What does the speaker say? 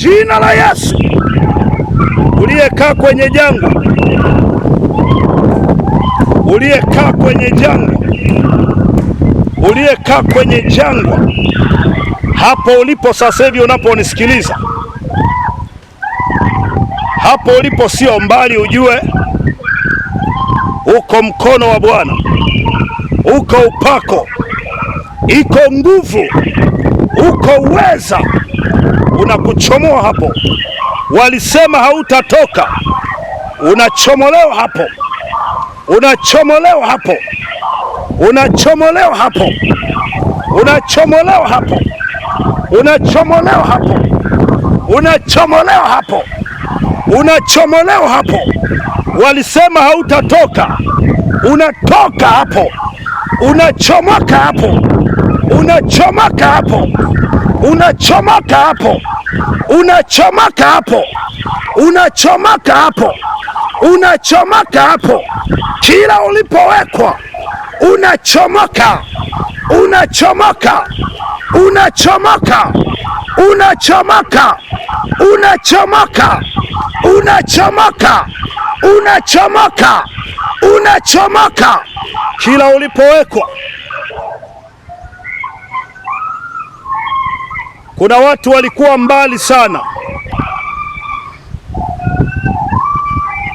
Jina la Yesu, uliyekaa kwenye jangwa, uliyekaa kwenye jangwa, uliyekaa kwenye jangwa, hapo ulipo sasa hivi unaponisikiliza, hapo ulipo sio mbali, ujue uko mkono wa Bwana, uko upako, iko nguvu, uko uweza unakuchomoa hapo. Walisema hautatoka, unachomolewa hapo, unachomolewa hapo, unachomolewa hapo, unachomolewa hapo, unachomolewa hapo, unachomolewa hapo, unachomolewa hapo. Walisema hautatoka, unatoka hapo, unachomoka hapo, unachomoka hapo unachomoka hapo, unachomoka hapo, unachomoka hapo, unachomoka hapo, kila ulipowekwa unachomoka, unachomoka, unachomoka, unachomoka, unachomoka, unachomoka, unachomoka, unachomoka, kila ulipowekwa Kuna watu walikuwa mbali sana